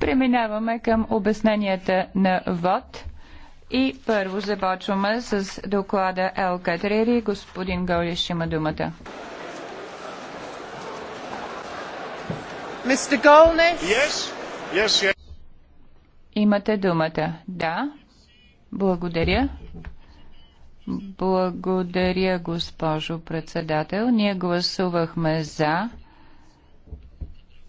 Преминаваме към обясненията на ВОД. И първо започваме с доклада Ел Катрери. Господин Голиш има думата. Мистер Голниш? Yes. Yes, Имате думата. Да. Благодаря. Благодаря, госпожо председател. Ние гласувахме за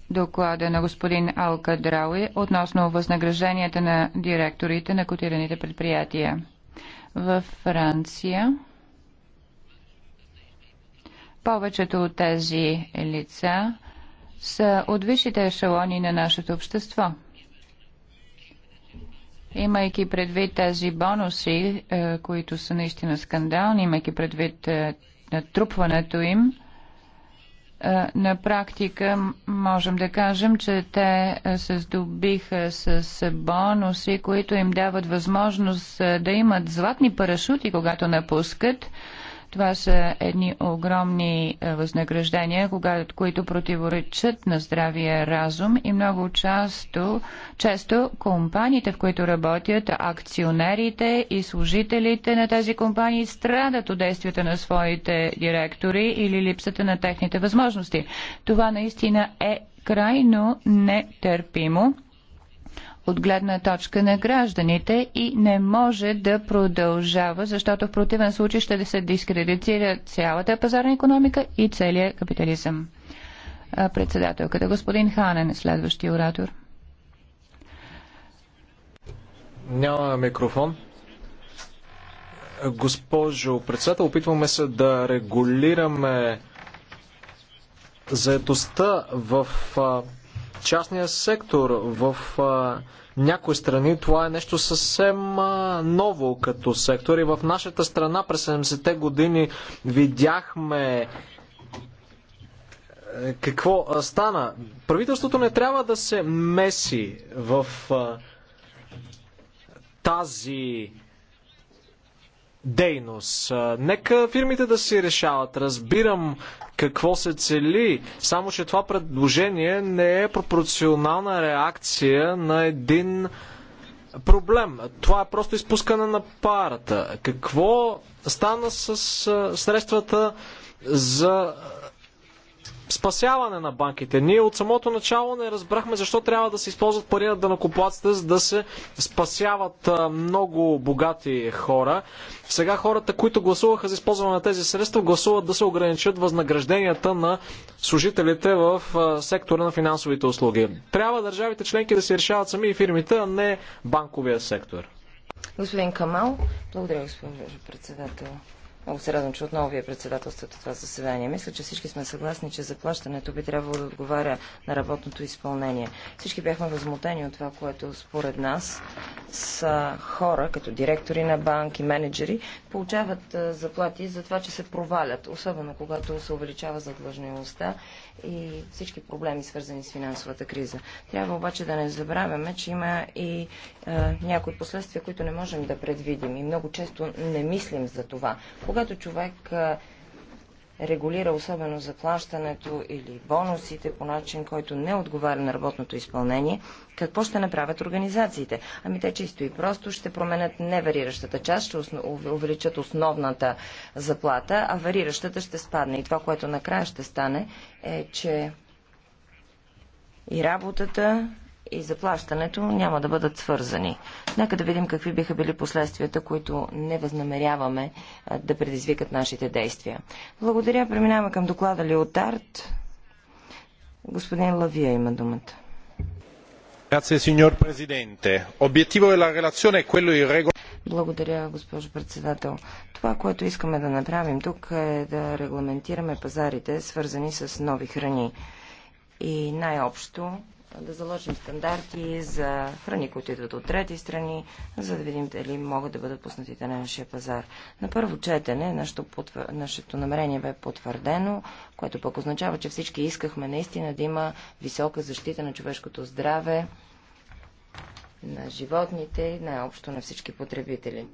доклада на господин Алка Драуи относно възнагражденията на директорите на котираните предприятия. Във Франция повечето от тези лица са от висшите ешелони на нашето общество. Имайки предвид тези бонуси, е, които са наистина скандални, имайки предвид е, натрупването им, е, на практика можем да кажем, че те е, се здобиха с бонуси, които им дават възможност е, да имат златни парашути, когато напускат това са едни огромни е, възнаграждения, когато, които противоречат на здравия разум и много часто, често компаниите, в които работят, акционерите и служителите на тези компании страдат от действията на своите директори или липсата на техните възможности. Това наистина е крайно нетърпимо от гледна точка на гражданите и не може да продължава, защото в противен случай ще се дискредитира цялата пазарна економика и целият капитализъм. Председателката господин Ханен е следващия оратор. Няма микрофон. Госпожо председател, опитваме се да регулираме заедостта в частния сектор. В а, някои страни това е нещо съвсем а, ново като сектор и в нашата страна през 70-те години видяхме е, какво а, стана. Правителството не трябва да се меси в а, тази дейност. Нека фирмите да си решават. Разбирам какво се цели, само че това предложение не е пропорционална реакция на един проблем. Това е просто изпускане на парата. Какво стана с средствата за спасяване на банките. Ние от самото начало не разбрахме защо трябва да се използват пари на данакоплаците, за да се спасяват много богати хора. Сега хората, които гласуваха за използване на тези средства, гласуват да се ограничат възнагражденията на служителите в сектора на финансовите услуги. Трябва държавите членки да се решават сами и фирмите, а не банковия сектор. Господин Камал, благодаря, господин председател. Много се радвам, че отново вие председателствате това заседание. Мисля, че всички сме съгласни, че заплащането би трябвало да отговаря на работното изпълнение. Всички бяхме възмутени от това, което според нас са хора, като директори на банки, менеджери, получават заплати за това, че се провалят, особено когато се увеличава задлъжнилостта и всички проблеми, свързани с финансовата криза. Трябва обаче да не забравяме, че има и е, някои последствия, които не можем да предвидим и много често не мислим за това. Когато човек е, регулира особено заплащането или бонусите по начин, който не отговаря на работното изпълнение, какво ще направят организациите? Ами те чисто и просто ще променят невариращата част, ще увеличат основната заплата, а вариращата ще спадне. И това, което накрая ще стане, е, че и работата, и заплащането няма да бъдат свързани. Нека да видим какви биха били последствията, които не възнамеряваме да предизвикат нашите действия. Благодаря. Преминаваме към доклада Леотард. Господин Лавия има думата Благодаря, госпожо председател. Това, което искаме да направим тук е да регламентираме пазарите, свързани с нови храни. И най-общо да заложим стандарти за храни, които идват от трети страни, за да видим дали могат да бъдат пуснатите на нашия пазар. На първо четене нашето, потвър... нашето намерение бе потвърдено, което пък означава, че всички искахме наистина да има висока защита на човешкото здраве, на животните и най-общо на всички потребители.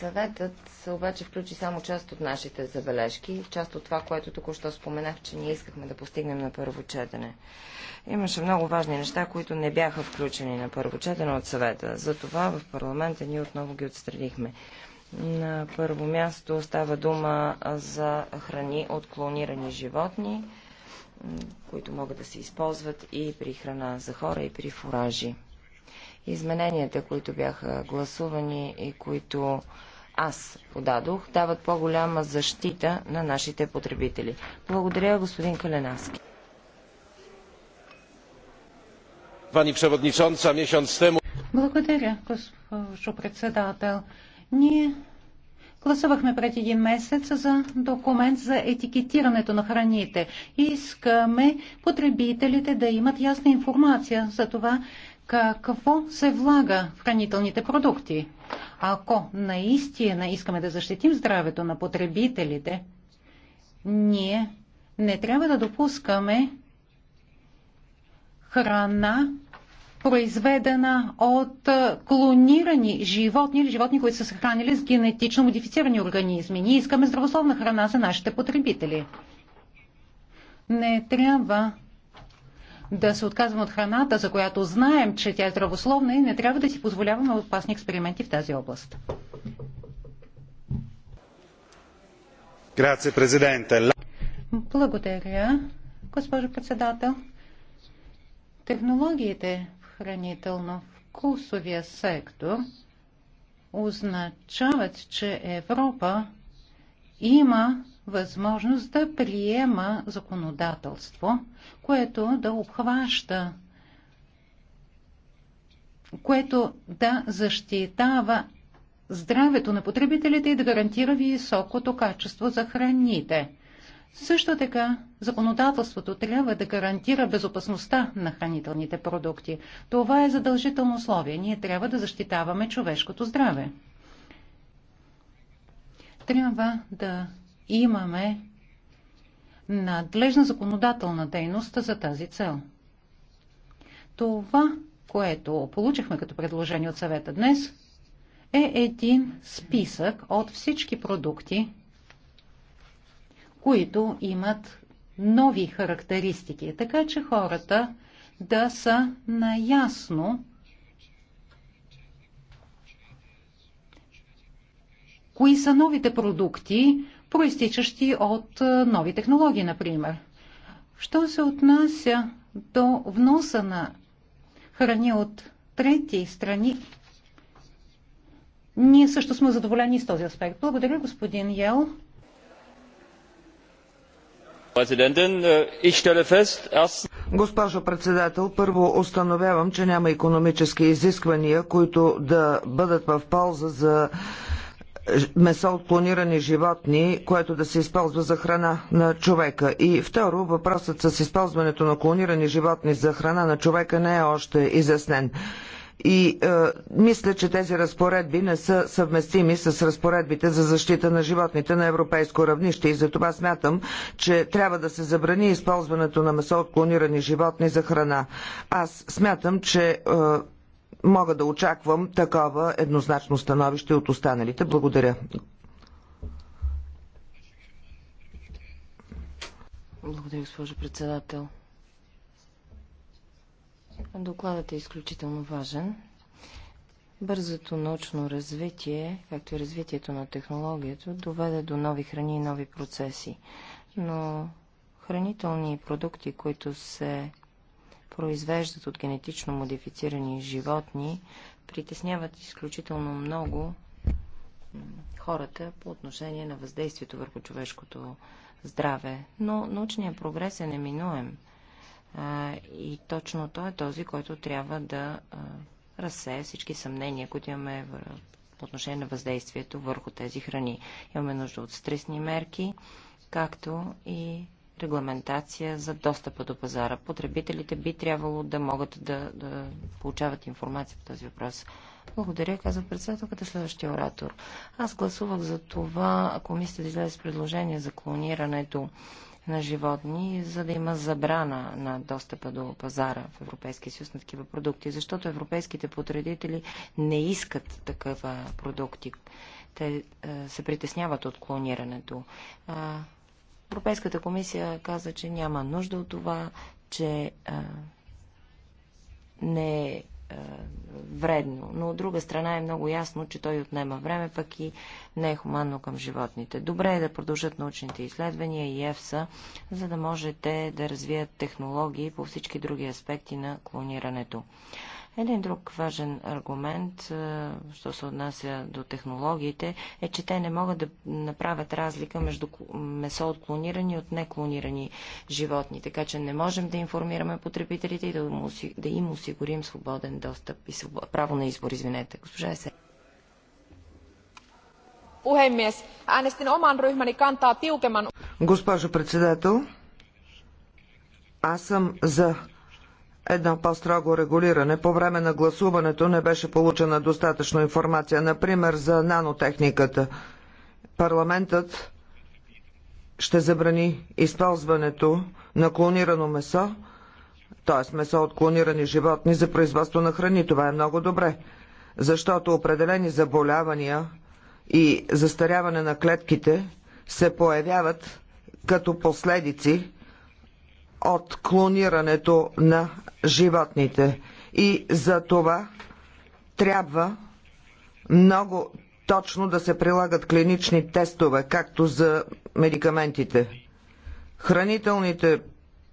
Съветът обаче включи само част от нашите забележки, част от това, което току-що споменах, че ние искахме да постигнем на първо четене. Имаше много важни неща, които не бяха включени на първо четене от съвета. Затова в парламента ние отново ги отстранихме. На първо място става дума за храни от клонирани животни, които могат да се използват и при храна за хора, и при фуражи измененията, които бяха гласувани и които аз подадох, дават по-голяма защита на нашите потребители. Благодаря, господин Каленаски. Пани Преводничонца, тему... Благодаря, госпожо председател. Ние гласувахме преди един месец за документ за етикетирането на храните. Искаме потребителите да имат ясна информация за това какво се влага в хранителните продукти. Ако наистина искаме да защитим здравето на потребителите, ние не трябва да допускаме храна, произведена от клонирани животни или животни, които са се хранили с генетично модифицирани организми. Ние искаме здравословна храна за нашите потребители. Не трябва да се отказваме от храната, за която знаем, че тя е здравословна и не трябва да си позволяваме опасни експерименти в тази област. Благодаря, госпожо председател. Технологиите в хранително-вкусовия сектор означават, че Европа има възможност да приема законодателство, което да обхваща, което да защитава здравето на потребителите и да гарантира високото качество за храните. Също така, законодателството трябва да гарантира безопасността на хранителните продукти. Това е задължително условие. Ние трябва да защитаваме човешкото здраве. Трябва да имаме надлежна законодателна дейност за тази цел. Това, което получихме като предложение от съвета днес, е един списък от всички продукти, които имат нови характеристики, така че хората да са наясно кои са новите продукти, проистичащи от нови технологии, например. Що се отнася до вноса на храни от трети страни, ние също сме задоволени с този аспект. Благодаря, господин Йел. Е, Госпожо председател, първо установявам, че няма економически изисквания, които да бъдат в полза за месо от клонирани животни, което да се използва за храна на човека. И второ, въпросът с използването на клонирани животни за храна на човека не е още изяснен. И е, мисля, че тези разпоредби не са съвместими с разпоредбите за защита на животните на европейско равнище и затова смятам, че трябва да се забрани използването на месо от клонирани животни за храна. Аз смятам, че е, мога да очаквам такова еднозначно становище от останалите. Благодаря. Благодаря, госпожо председател. Докладът е изключително важен. Бързото научно развитие, както и развитието на технологията, доведе до нови храни и нови процеси. Но хранителни продукти, които се произвеждат от генетично модифицирани животни, притесняват изключително много хората по отношение на въздействието върху човешкото здраве. Но научният прогрес е неминуем. А, и точно той е този, който трябва да а, разсее всички съмнения, които имаме в, по отношение на въздействието върху тези храни. Имаме нужда от стресни мерки, както и регламентация за достъпа до пазара. Потребителите би трябвало да могат да, да получават информация по този въпрос. Благодаря, казва председателката следващия оратор. Аз гласувах за това мислите да излезе с предложение за клонирането на животни, за да има забрана на достъпа до пазара в Европейския съюз на такива продукти, защото европейските потребители не искат такива продукти. Те е, се притесняват от клонирането. А, Европейската комисия каза, че няма нужда от това, че а, не е вредно. Но от друга страна е много ясно, че той отнема време, пък и не е хуманно към животните. Добре е да продължат научните изследвания и ЕФСА, за да можете да развият технологии по всички други аспекти на клонирането. Един друг важен аргумент, що се отнася до технологиите, е, че те не могат да направят разлика между месо от клонирани и от неклонирани животни, така че не можем да информираме потребителите и да им осигурим свободен достъп и право на избор, извинете. Госпожа Есен puhemies äänestin oman ryhmäni kantaa tiukemman. Госпожо председател, аз съм за едно по-строго регулиране. По време на гласуването не беше получена достатъчно информация, например за нанотехниката. Парламентът ще забрани използването на клонирано месо, т.е. месо от клонирани животни за производство на храни. Това е много добре, защото определени заболявания и застаряване на клетките се появяват като последици от клонирането на животните. И за това трябва много точно да се прилагат клинични тестове, както за медикаментите. Хранителните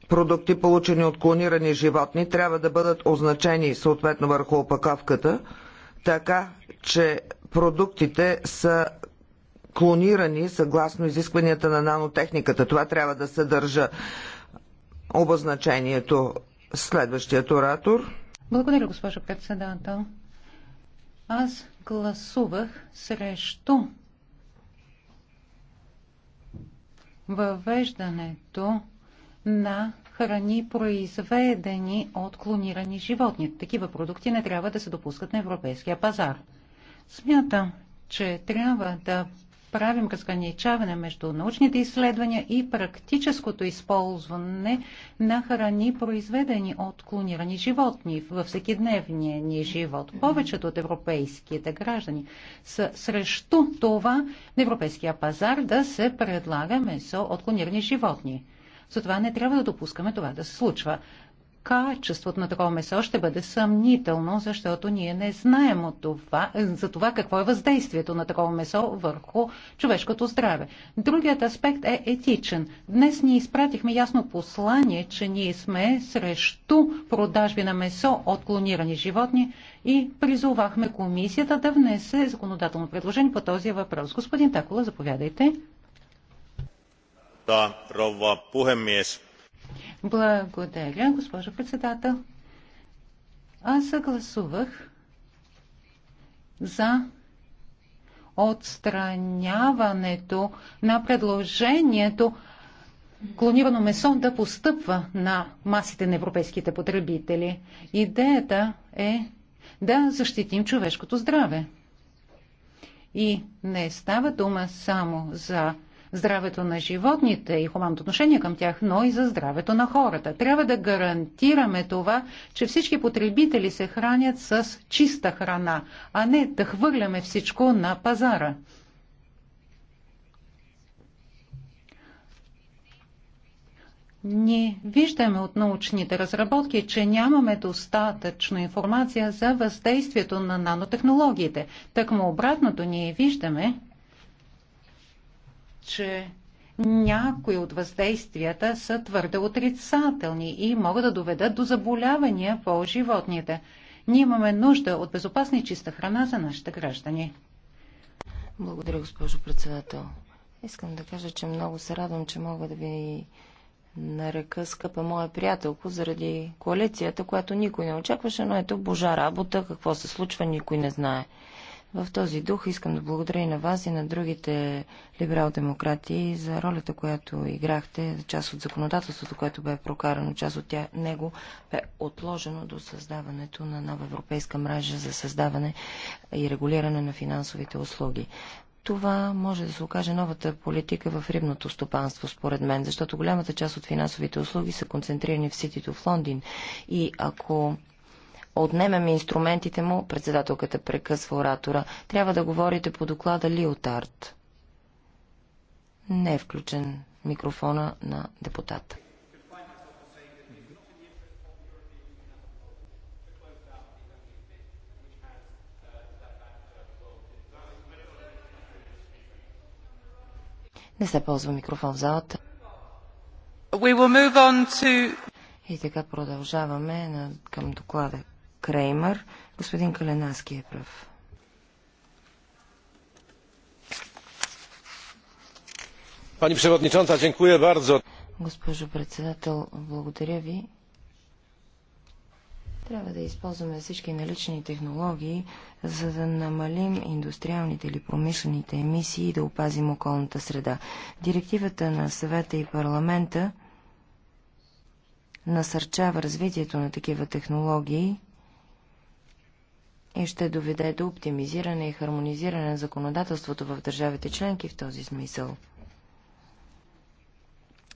продукти, получени от клонирани животни, трябва да бъдат означени съответно върху опаковката, така че продуктите са клонирани съгласно изискванията на нанотехниката. Това трябва да съдържа обозначението. Следващият оратор. Благодаря, госпожо председател. Аз гласувах срещу въвеждането на храни, произведени от клонирани животни. Такива продукти не трябва да се допускат на европейския пазар. Смятам, че трябва да правим разграничаване между научните изследвания и практическото използване на храни, произведени от клонирани животни във всекидневния ни живот. Повечето от европейските граждани са срещу това на европейския пазар да се предлага месо от клонирани животни. Затова не трябва да допускаме това да се случва качеството на такова месо ще бъде съмнително, защото ние не знаем от това, за това какво е въздействието на такова месо върху човешкото здраве. Другият аспект е етичен. Днес ние изпратихме ясно послание, че ние сме срещу продажби на месо от клонирани животни и призовахме комисията да внесе законодателно предложение по този въпрос. Господин Такола, заповядайте. Да, рова, пухемиес. Благодаря, госпожо председател. Аз съгласувах за отстраняването на предложението клонирано месо да постъпва на масите на европейските потребители. Идеята е да защитим човешкото здраве. И не става дума само за здравето на животните и хуманното отношение към тях, но и за здравето на хората. Трябва да гарантираме това, че всички потребители се хранят с чиста храна, а не да хвърляме всичко на пазара. Ние виждаме от научните разработки, че нямаме достатъчно информация за въздействието на нанотехнологиите. Такмо обратното ние виждаме, че някои от въздействията са твърде отрицателни и могат да доведат до заболявания по животните. Ние имаме нужда от безопасна и чиста храна за нашите граждани. Благодаря, госпожо председател. Искам да кажа, че много се радвам, че мога да ви нарека скъпа моя приятелко заради коалицията, която никой не очакваше, но ето божа работа, какво се случва, никой не знае. В този дух искам да благодаря и на вас и на другите либерал-демократи за ролята, която играхте, част от законодателството, което бе прокарано, част от тя, него бе отложено до създаването на нова европейска мрежа за създаване и регулиране на финансовите услуги това може да се окаже новата политика в рибното стопанство, според мен, защото голямата част от финансовите услуги са концентрирани в ситито в Лондин. И ако отнемем инструментите му, председателката прекъсва оратора. Трябва да говорите по доклада Лиотард. Не е включен микрофона на депутата. Не се ползва микрофон в залата. We will move on to... И така продължаваме на... към доклада Креймър. Господин Каленаски е прав. Пани przewodnicząca, dziękuję бардзо. Госпожо председател, благодаря ви. Трябва да използваме всички налични технологии, за да намалим индустриалните или промишлените емисии и да опазим околната среда. Директивата на съвета и парламента насърчава развитието на такива технологии и ще доведе до оптимизиране и хармонизиране на законодателството в държавите членки в този смисъл.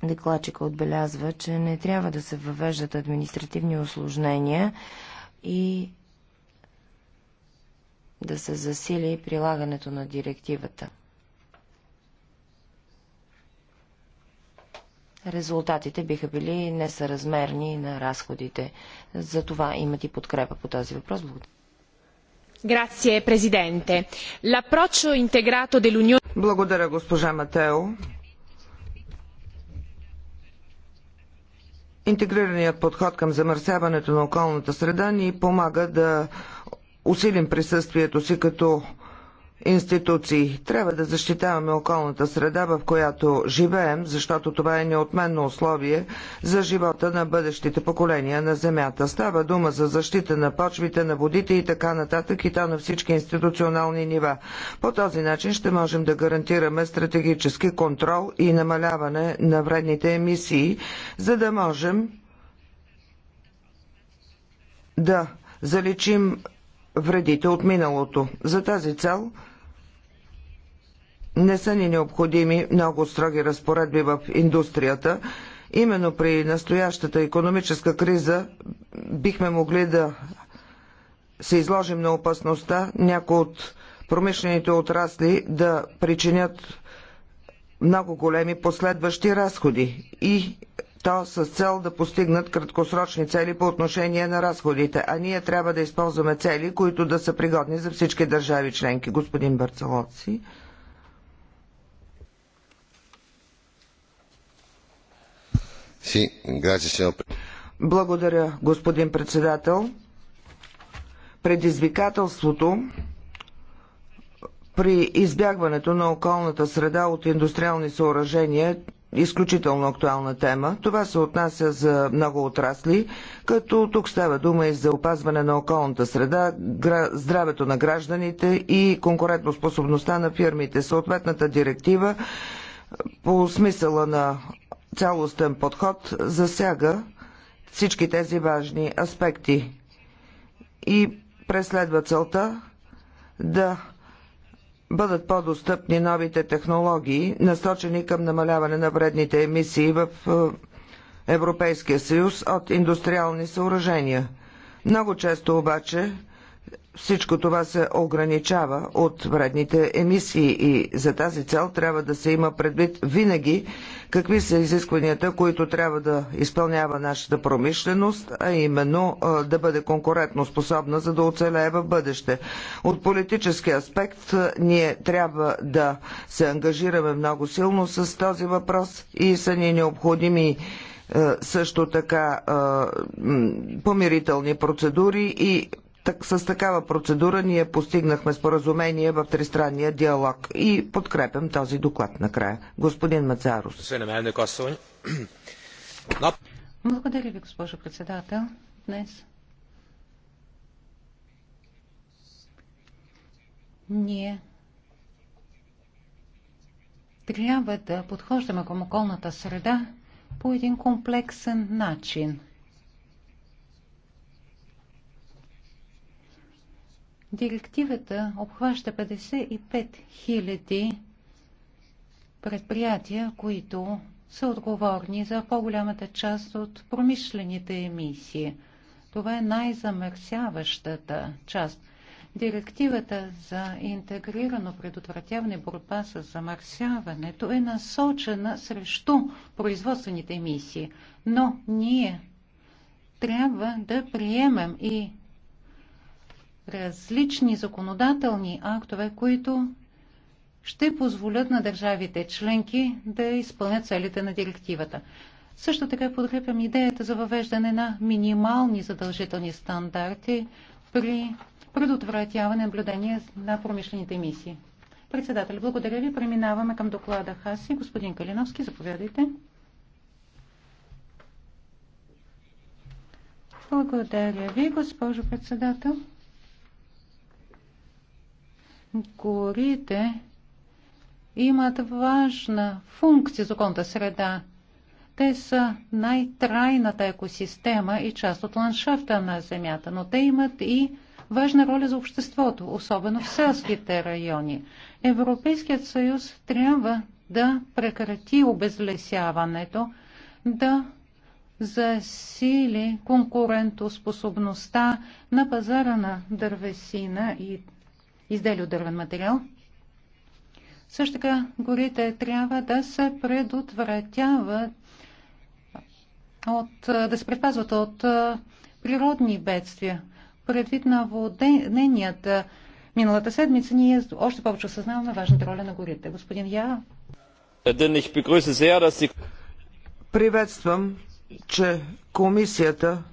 Декладчика отбелязва, че не трябва да се въвеждат административни осложнения и да се засили прилагането на директивата. резултатите биха били несъразмерни на разходите. За това имат и подкрепа по този въпрос. Благодаря. Presidente. L'approccio integrato dell'Unione... Благодаря, госпожа Матео. Интегрираният подход към замърсяването на околната среда ни помага да усилим присъствието си като институции. Трябва да защитаваме околната среда, в която живеем, защото това е неотменно условие за живота на бъдещите поколения на Земята. Става дума за защита на почвите, на водите и така нататък и то на всички институционални нива. По този начин ще можем да гарантираме стратегически контрол и намаляване на вредните емисии, за да можем да заличим вредите от миналото. За тази цел не са ни необходими много строги разпоредби в индустрията. Именно при настоящата економическа криза бихме могли да се изложим на опасността някои от промишлените отрасли да причинят много големи последващи разходи и то с цел да постигнат краткосрочни цели по отношение на разходите, а ние трябва да използваме цели, които да са пригодни за всички държави членки. Господин Барцалоци. Sí, gracias, Благодаря, господин председател. Предизвикателството при избягването на околната среда от индустриални съоръжения е изключително актуална тема. Това се отнася за много отрасли, като тук става дума и за опазване на околната среда, здравето на гражданите и конкурентоспособността на фирмите. Съответната директива по смисъла на цялостен подход засяга всички тези важни аспекти и преследва целта да бъдат по-достъпни новите технологии, насочени към намаляване на вредните емисии в е, Европейския съюз от индустриални съоръжения. Много често обаче всичко това се ограничава от вредните емисии и за тази цел трябва да се има предвид винаги какви са изискванията, които трябва да изпълнява нашата промишленост, а именно да бъде конкурентно способна, за да оцелее в бъдеще. От политически аспект ние трябва да се ангажираме много силно с този въпрос и са ни необходими също така помирителни процедури и так, с такава процедура ние постигнахме споразумение в тристранния диалог и подкрепям този доклад накрая. Господин Мацарус. Благодаря ви, госпожо председател. Днес ние трябва да подхождаме към околната среда по един комплексен начин – Директивата обхваща 55 000 предприятия, които са отговорни за по-голямата част от промишлените емисии. Това е най-замърсяващата част. Директивата за интегрирано предотвратяване борба с замърсяването е насочена срещу производствените емисии, но ние трябва да приемем и различни законодателни актове, които ще позволят на държавите членки да изпълнят целите на директивата. Също така подкрепям идеята за въвеждане на минимални задължителни стандарти при предотвратяване наблюдение на промишлените мисии. Председател, благодаря ви. Преминаваме към доклада Хаси. Господин Калиновски, заповядайте. Благодаря ви, госпожо председател горите имат важна функция за околната среда. Те са най-трайната екосистема и част от ландшафта на Земята, но те имат и важна роля за обществото, особено в селските райони. Европейският съюз трябва да прекрати обезлесяването, да засили конкурентоспособността на пазара на дървесина и изделия от дървен материал. Също така горите трябва да се предотвратяват от, да се предпазват от природни бедствия. Предвид на воденията миналата седмица, ние още повече осъзнаваме важната роля на горите. Господин Я. Приветствам, че комисията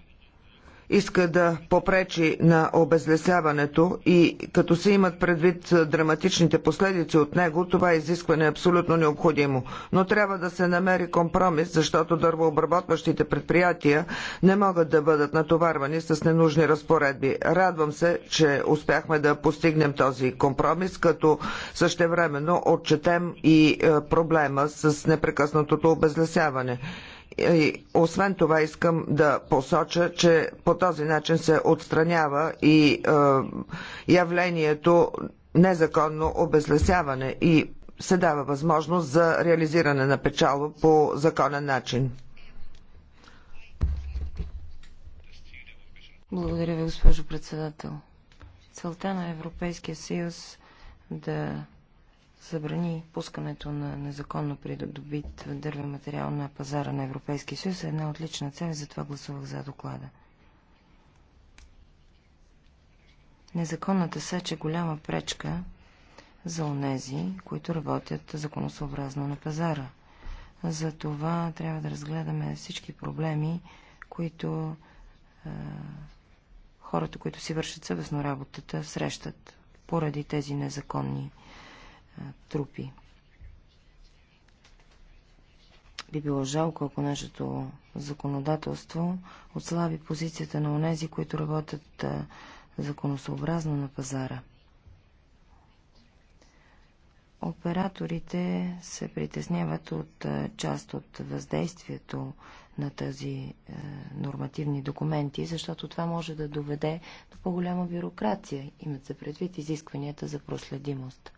иска да попречи на обезлесяването и като се имат предвид драматичните последици от него, това изискване е абсолютно необходимо. Но трябва да се намери компромис, защото дървообработващите предприятия не могат да бъдат натоварвани с ненужни разпоредби. Радвам се, че успяхме да постигнем този компромис, като същевременно отчетем и проблема с непрекъснатото обезлесяване. И освен това искам да посоча, че по този начин се отстранява и е, явлението незаконно обезлесяване и се дава възможност за реализиране на печало по законен начин. Благодаря ви, госпожо председател. Целта на Европейския съюз да забрани пускането на незаконно придобит дървен материал на пазара на Европейския съюз е една отлична цел и затова гласувах за доклада. Незаконната сеч е голяма пречка за онези, които работят законосъобразно на пазара. За това трябва да разгледаме всички проблеми, които е, хората, които си вършат съвестно работата, срещат поради тези незаконни трупи. Би било жалко, ако нашето законодателство отслаби позицията на онези, които работят законосообразно на пазара. Операторите се притесняват от част от въздействието на тези е, нормативни документи, защото това може да доведе до по-голяма бюрокрация, имат се предвид изискванията за проследимост.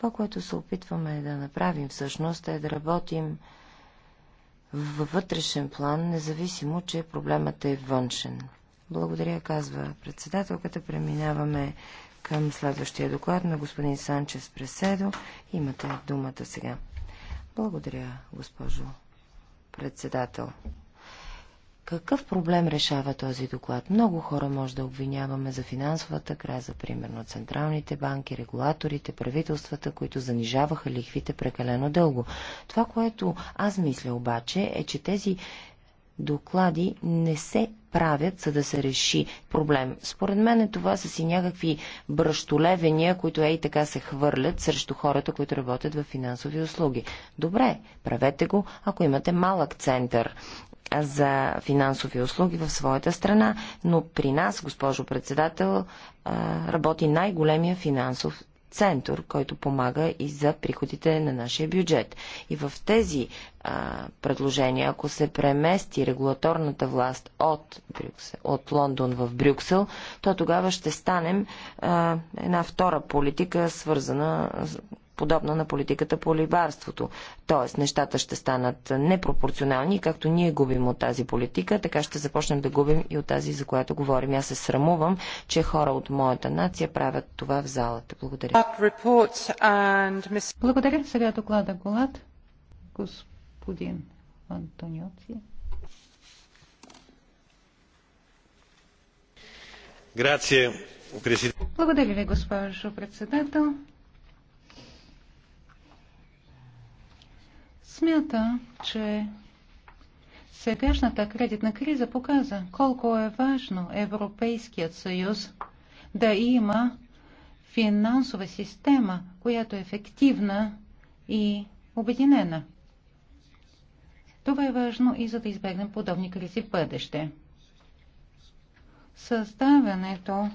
Това, което се опитваме да направим всъщност е да работим във вътрешен план, независимо, че проблемът е външен. Благодаря, казва председателката. Преминаваме към следващия доклад на господин Санчес Преседо. Имате думата сега. Благодаря, госпожо председател. Какъв проблем решава този доклад? Много хора може да обвиняваме за финансовата краза, примерно централните банки, регулаторите, правителствата, които занижаваха лихвите прекалено дълго. Това, което аз мисля обаче, е, че тези доклади не се правят, за да се реши проблем. Според мен е това са си някакви бръщолевения, които ей така се хвърлят срещу хората, които работят в финансови услуги. Добре, правете го, ако имате малък център за финансови услуги в своята страна, но при нас, госпожо председател, работи най-големия финансов център, който помага и за приходите на нашия бюджет. И в тези а, предложения, ако се премести регулаторната власт от, Брюксел, от Лондон в Брюксел, то тогава ще станем а, една втора политика, свързана подобна на политиката по либарството. Тоест, нещата ще станат непропорционални, както ние губим от тази политика, така ще започнем да губим и от тази, за която говорим. Аз се срамувам, че хора от моята нация правят това в залата. Благодаря. Благодаря. Сега доклада Голад. Господин Антониоци. Благодаря ви, госпожо председател. Смята, че сегашната кредитна криза показа колко е важно Европейският съюз да има финансова система, която е ефективна и обединена. Това е важно и за да избегнем подобни кризи в бъдеще. Създаването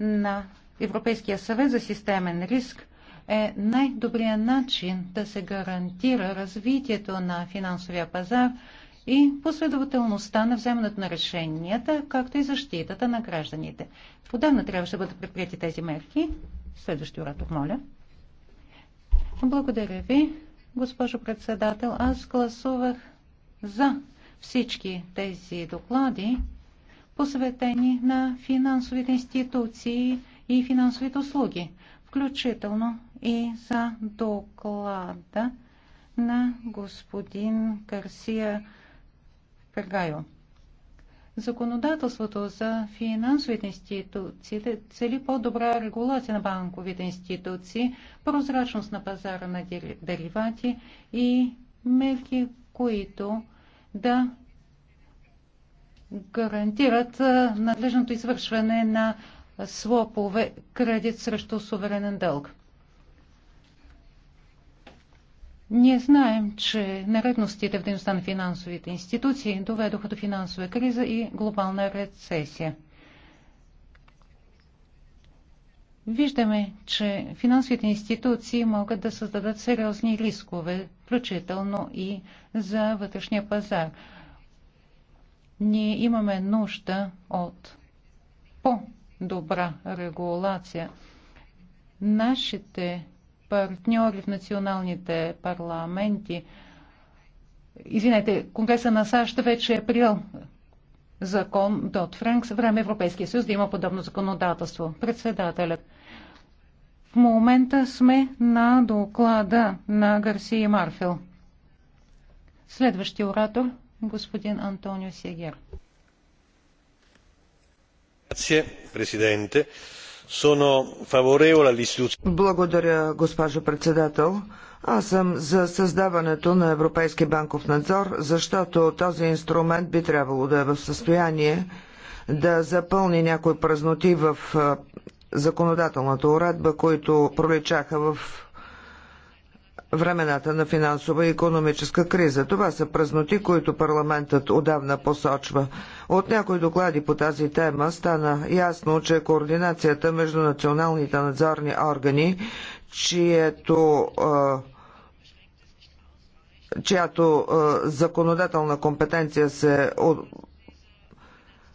на Европейския съвет за системен риск е най-добрият начин да се гарантира развитието на финансовия пазар и последователността на вземането на решенията, както и защитата на гражданите. Подавна трябваше да бъдат предприяти тези мерки. Следващия оратор, моля. Благодаря ви, госпожо председател. Аз гласувах за всички тези доклади, посветени на финансовите институции и финансовите услуги, включително и за доклада на господин Карсия Пергайо. Законодателството за финансовите институции цели по-добра регулация на банковите институции, прозрачност на пазара на деривати и мерки, които да гарантират надлежното извършване на слопове кредит срещу суверенен дълг. Ние знаем, че нередностите в дейността на финансовите институции доведоха до финансова криза и глобална рецесия. Виждаме, че финансовите институции могат да създадат сериозни рискове, включително и за вътрешния пазар. Ние имаме нужда от по-добра регулация. Нашите партньори в националните парламенти. Извинете, Конгреса на САЩ вече е приел закон Дот Франкс. Време Европейския съюз да има подобно законодателство. Председателят. В момента сме на доклада на Гарсия Марфел. Следващия оратор – господин Антонио Сегер. Grazie, Presidente. Благодаря, госпожо председател. Аз съм за създаването на Европейски банков надзор, защото този инструмент би трябвало да е в състояние да запълни някои празноти в законодателната уредба, които проличаха в времената на финансова и економическа криза. Това са празноти, които парламентът отдавна посочва. От някои доклади по тази тема стана ясно, че координацията между националните надзорни органи, чието чиято законодателна компетенция се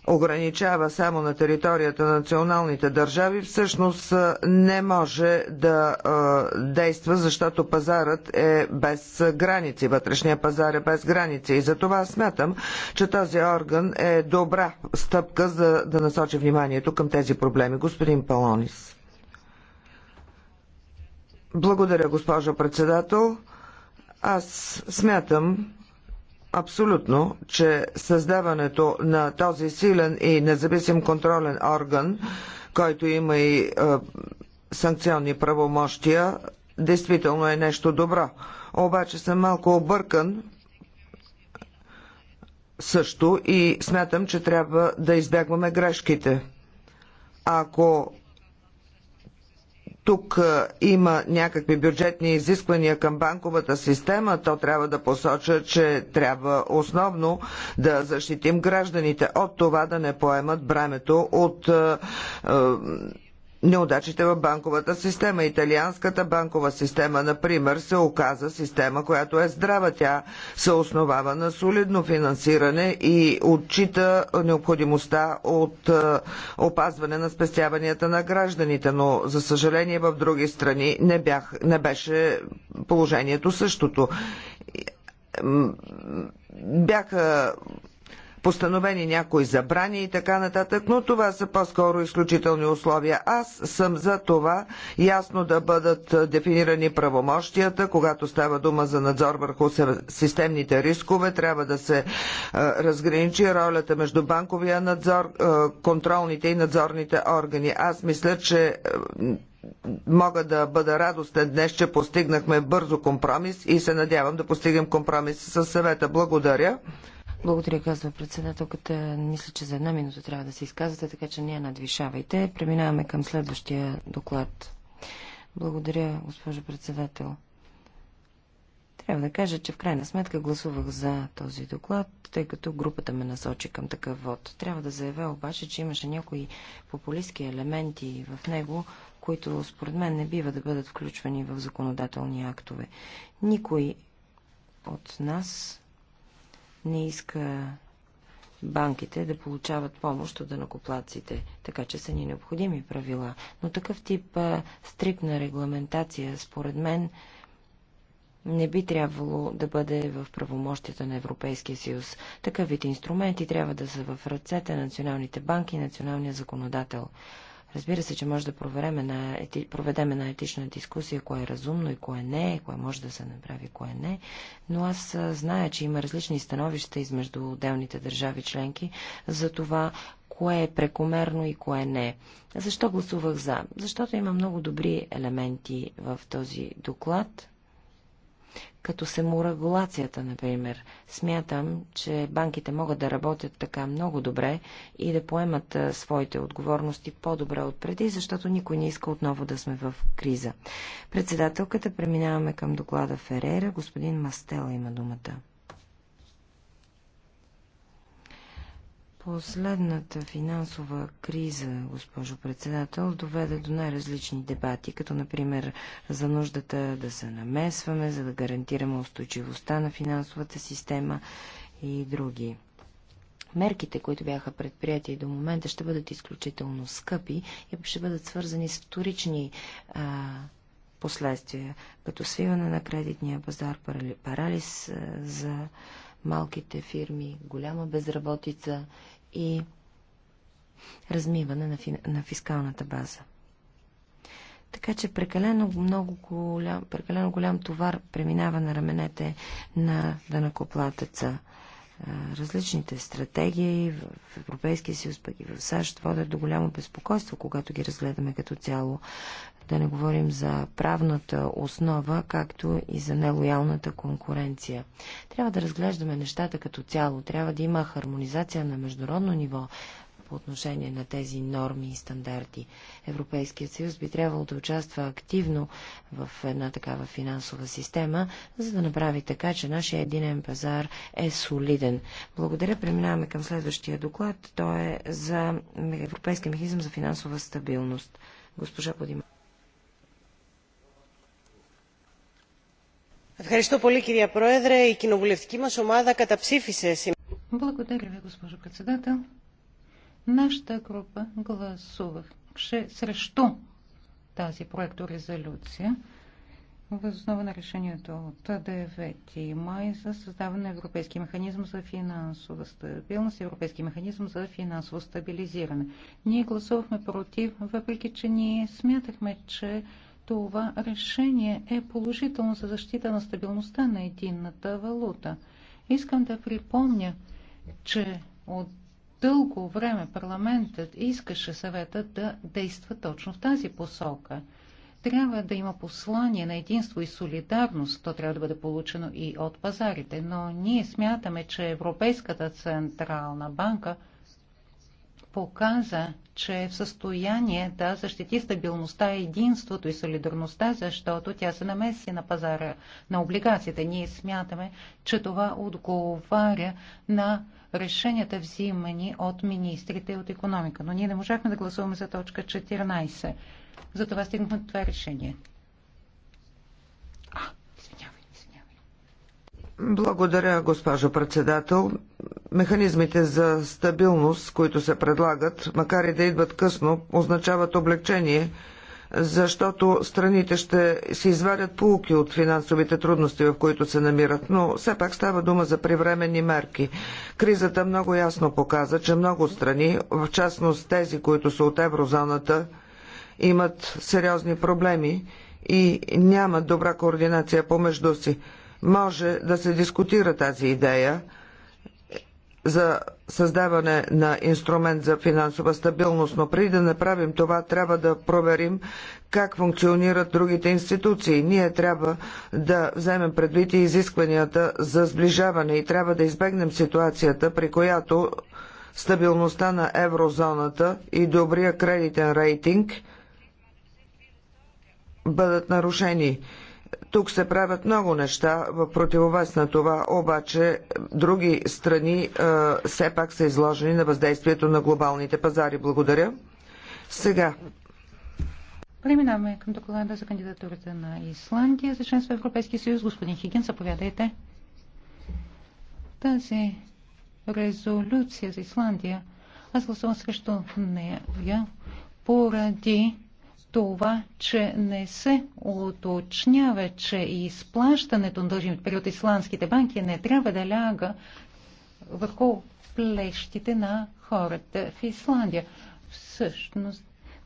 ограничава само на територията на националните държави, всъщност не може да действа, защото пазарът е без граници, вътрешния пазар е без граници. И за това смятам, че този орган е добра стъпка за да насочи вниманието към тези проблеми. Господин Палонис. Благодаря, госпожо председател. Аз смятам, абсолютно, че създаването на този силен и независим контролен орган, който има и е, санкционни правомощия, действително е нещо добро. Обаче съм малко объркан също и смятам, че трябва да избягваме грешките. Ако тук има някакви бюджетни изисквания към банковата система, то трябва да посоча, че трябва основно да защитим гражданите от това да не поемат бремето от неудачите в банковата система. Италианската банкова система, например, се оказа система, която е здрава. Тя се основава на солидно финансиране и отчита необходимостта от е, опазване на спестяванията на гражданите. Но, за съжаление, в други страни не, бях, не беше положението същото бяха постановени някои забрани и така нататък, но това са по-скоро изключителни условия. Аз съм за това ясно да бъдат дефинирани правомощията, когато става дума за надзор върху системните рискове, трябва да се разграничи ролята между банковия надзор, контролните и надзорните органи. Аз мисля, че мога да бъда радостен днес, че постигнахме бързо компромис и се надявам да постигнем компромис със съвета. Благодаря. Благодаря, казва председателката. Мисля, че за една минута трябва да се изказвате, така че не я надвишавайте. Преминаваме към следващия доклад. Благодаря, госпожо председател. Трябва да кажа, че в крайна сметка гласувах за този доклад, тъй като групата ме насочи към такъв вод. Трябва да заявя обаче, че имаше някои популистски елементи в него, които според мен не бива да бъдат включвани в законодателни актове. Никой от нас не иска банките да получават помощ от данакоплаците, така че са ни необходими правила. Но такъв тип а, стрикна регламентация, според мен, не би трябвало да бъде в правомощията на Европейския съюз. Такъв вид инструменти трябва да са в ръцете на националните банки и националния законодател. Разбира се, че може да на ети... проведем една етична дискусия, кое е разумно и кое не, кое може да се направи, кое не, но аз зная, че има различни становища измежду отделните държави членки за това, кое е прекомерно и кое не. Защо гласувах за? Защото има много добри елементи в този доклад, като саморегулацията, например. Смятам, че банките могат да работят така много добре и да поемат своите отговорности по-добре от преди, защото никой не иска отново да сме в криза. Председателката, преминаваме към доклада Ферера. Господин Мастела има думата. Последната финансова криза, госпожо председател, доведе до най-различни дебати, като например за нуждата да се намесваме, за да гарантираме устойчивостта на финансовата система и други. Мерките, които бяха предприяти до момента, ще бъдат изключително скъпи и ще бъдат свързани с вторични а, последствия, като свиване на кредитния пазар, парализ за малките фирми, голяма безработица и размиване на, фи... на фискалната база. Така че прекалено, много голям, прекалено голям товар преминава на раменете на данакоплатеца различните стратегии в Европейския съюз, пък и в САЩ водят до голямо безпокойство, когато ги разгледаме като цяло. Да не говорим за правната основа, както и за нелоялната конкуренция. Трябва да разглеждаме нещата като цяло. Трябва да има хармонизация на международно ниво, по отношение на тези норми и стандарти. Европейският съюз би трябвало да участва активно в една такава финансова система, за да направи така, че нашия единен пазар е солиден. Благодаря. Преминаваме към следващия доклад. Той е за Европейския механизъм за финансова стабилност. Госпожа Подима. Благодаря ви, госпожо председател. Нашата група гласуваше срещу тази проекторезолюция възоснова на решението от 9 май за създаване на Европейски механизъм за финансова стабилност, и Европейски механизъм за финансово стабилизиране. Ние гласувахме против, въпреки че ние смятахме, че това решение е положително за защита на стабилността на единната валута. Искам да припомня, че от дълго време парламентът искаше съвета да действа точно в тази посока. Трябва да има послание на единство и солидарност. То трябва да бъде получено и от пазарите. Но ние смятаме, че Европейската централна банка показа, че е в състояние да защити стабилността, единството и солидарността, защото тя се намеси на пазара на облигациите. Ние смятаме, че това отговаря на решенията взимани от министрите от економика. Но ние не можахме да гласуваме за точка 14. Затова стигнахме до това решение. А, извинявай, извинявай. Благодаря, госпожо председател. Механизмите за стабилност, които се предлагат, макар и да идват късно, означават облегчение – защото страните ще се извадят полуки от финансовите трудности, в които се намират. Но все пак става дума за превременни мерки. Кризата много ясно показа, че много страни, в частност тези, които са от еврозоната, имат сериозни проблеми и нямат добра координация помежду си. Може да се дискутира тази идея, за създаване на инструмент за финансова стабилност, но преди да направим това, трябва да проверим как функционират другите институции. Ние трябва да вземем предвид и изискванията за сближаване и трябва да избегнем ситуацията, при която стабилността на еврозоната и добрия кредитен рейтинг бъдат нарушени. Тук се правят много неща в противовес на това, обаче други страни а, е, все пак са изложени на въздействието на глобалните пазари. Благодаря. Сега. Преминаваме към доклада за кандидатурата на Исландия за членство в Европейския съюз. Господин Хигин, заповядайте. Тази резолюция за Исландия, аз гласувам срещу нея поради това, че не се уточнява, че изплащането на дължим период исландските банки не трябва да ляга върху плещите на хората в Исландия. Всъщност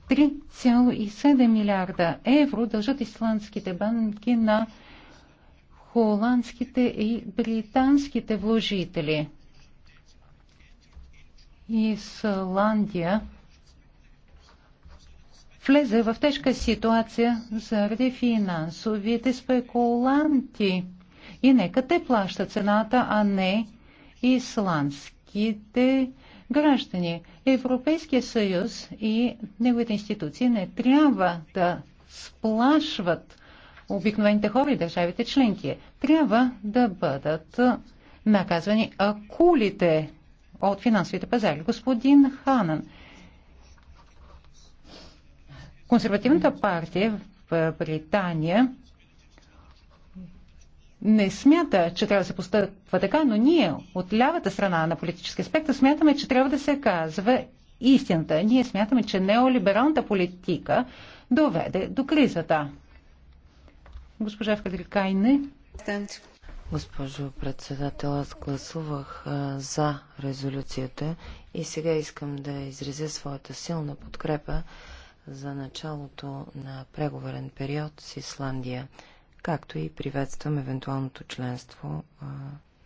3,7 милиарда евро дължат исландските банки на холандските и британските вложители. Исландия влезе в тежка ситуация заради финансовите спекуланти. И нека те плащат цената, а не исландските граждани. Европейския съюз и неговите институции не трябва да сплашват обикновените хора и държавите членки. Трябва да бъдат наказвани акулите от финансовите пазари. Господин Ханан, Консервативната партия в Британия не смята, че трябва да се постъпва така, но ние от лявата страна на политическия аспект смятаме, че трябва да се казва истината. Ние смятаме, че неолибералната политика доведе до кризата. Госпожа Фредрикайне. Госпожо председател, аз гласувах а, за резолюцията и сега искам да изразя своята силна подкрепа за началото на преговорен период с Исландия, както и приветствам евентуалното членство а,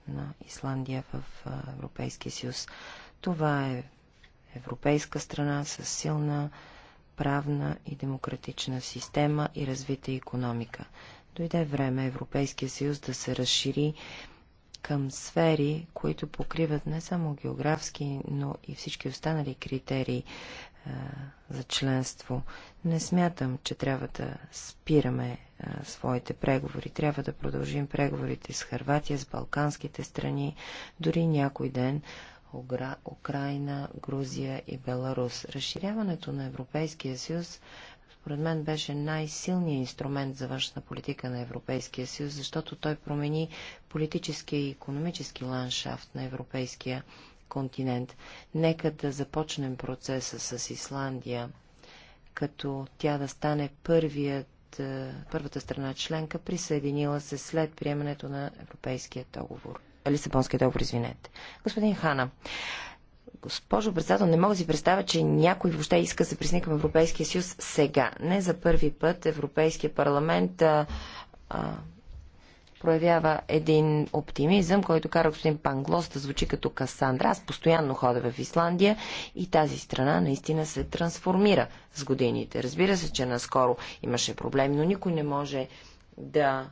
на Исландия в а, Европейския съюз. Това е европейска страна с силна правна и демократична система и развита економика. Дойде време Европейския съюз да се разшири към сфери, които покриват не само географски, но и всички останали критерии за членство. Не смятам, че трябва да спираме а, своите преговори. Трябва да продължим преговорите с Харватия, с балканските страни, дори някой ден Огра... Украина, Грузия и Беларус. Разширяването на Европейския съюз според мен беше най-силният инструмент за външна политика на Европейския съюз, защото той промени политическия и економически ландшафт на Европейския съюз континент. Нека да започнем процеса с Исландия, като тя да стане първият, е, първата страна членка, присъединила се след приемането на Европейския договор. Лисабонския договор, извинете. Господин Хана, госпожо председател, не мога да си представя, че някой въобще иска да се присъедини към Европейския съюз сега. Не за първи път Европейския парламент а, а, проявява един оптимизъм, който кара господин Панглос да звучи като Касандра. Аз постоянно ходя в Исландия и тази страна наистина се трансформира с годините. Разбира се, че наскоро имаше проблем, но никой не може да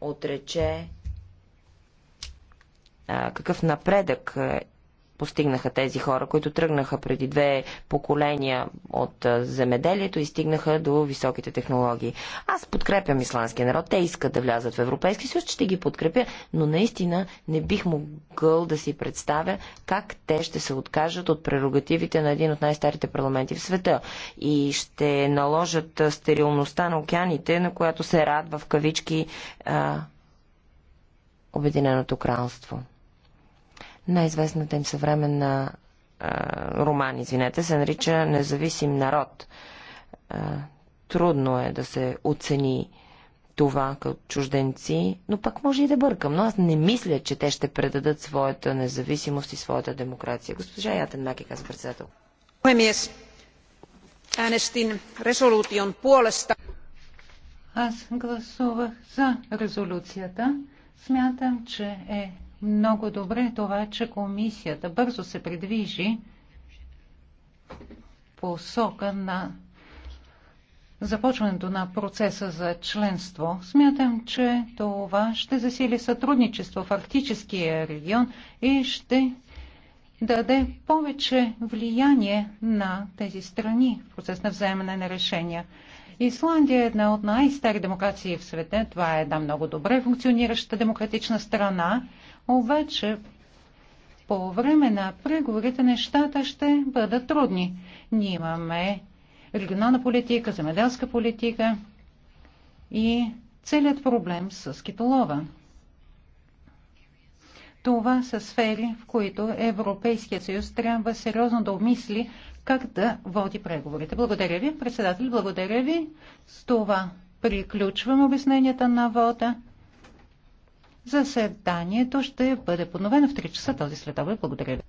отрече а, какъв напредък е, постигнаха тези хора, които тръгнаха преди две поколения от земеделието и стигнаха до високите технологии. Аз подкрепям исландския народ. Те искат да влязат в Европейски съюз, ще ги подкрепя, но наистина не бих могъл да си представя как те ще се откажат от прерогативите на един от най-старите парламенти в света и ще наложат стерилността на океаните, на която се радва в кавички а, Обединеното кралство. Най-известната им съвременна а, роман, извинете, се нарича Независим народ. А, трудно е да се оцени това като чужденци, но пък може и да бъркам. Но аз не мисля, че те ще предадат своята независимост и своята демокрация. Госпожа Ятен Маки, каза председател. Äänestin resoluution puolesta. Аз гласувах за резолюцията. Смятам, че е много добре е това, че комисията бързо се придвижи посока на започването на процеса за членство. Смятам, че това ще засили сътрудничество в Арктическия регион и ще даде повече влияние на тези страни в процес на вземане на решения. Исландия е една от най-стари демокрации в света. Това е една много добре функционираща демократична страна обаче по време на преговорите нещата ще бъдат трудни. Ние имаме регионална политика, земеделска политика и целият проблем с китолова. Това са сфери, в които Европейският съюз трябва сериозно да обмисли как да води преговорите. Благодаря ви, председател, благодаря ви. С това приключвам обясненията на вода. Заседанието ще бъде подновено в 3 часа този следобед. Благодаря ви.